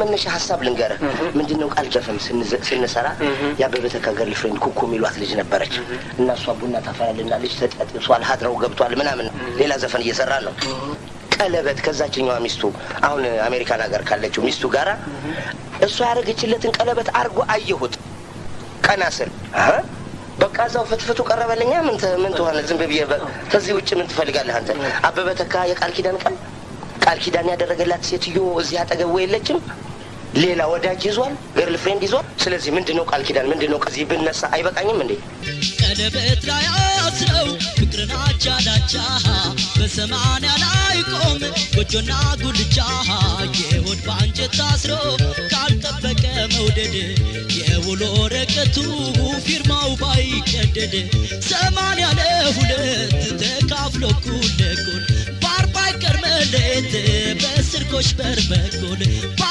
መነሻ ሀሳብ ልንገርህ ምንድን ነው። ቃል ጨፍም ስንሰራ የአበበ ተካ ገርል ፍሬንድ ኩኩ የሚሏት ልጅ ነበረች እና እሷ ቡና ታፈላልና ልጅ ተጠጥሷል፣ ሀድረው ገብቷል ምናምን ሌላ ዘፈን እየሰራ ነው ቀለበት ከዛችኛዋ ሚስቱ አሁን አሜሪካን ሀገር ካለችው ሚስቱ ጋራ እሷ ያደረገችለትን ቀለበት አርጎ አየሁት። ቀና ስል በቃ እዛው ፍትፍቱ ቀረበልኛ። ምን ምን ትሆነ? ዝም ብዬ ከዚህ ውጭ ምን ትፈልጋለህ አንተ? አበበ ተካ የቃል ኪዳን ቃል ቃል ኪዳን ያደረገላት ሴትዮ እዚህ አጠገቡ የለችም። ሌላ ወዳጅ ይዟል፣ ገርል ፍሬንድ ይዟል። ስለዚህ ምንድን ነው ቃል ኪዳን ምንድን ነው? ከዚህ ብነሳ አይበቃኝም እንዴ? ቀለበት ላይ አስረው ፍቅርን አጃዳቻ በሰማንያ ላይ ቆም ጎጆና ጉልቻ የሆድ በአንጀት ታስሮ ካልጠበቀ መውደድ የውሎ ወረቀቱ ፊርማው ባይቀደድ ሰማንያ push that back on it.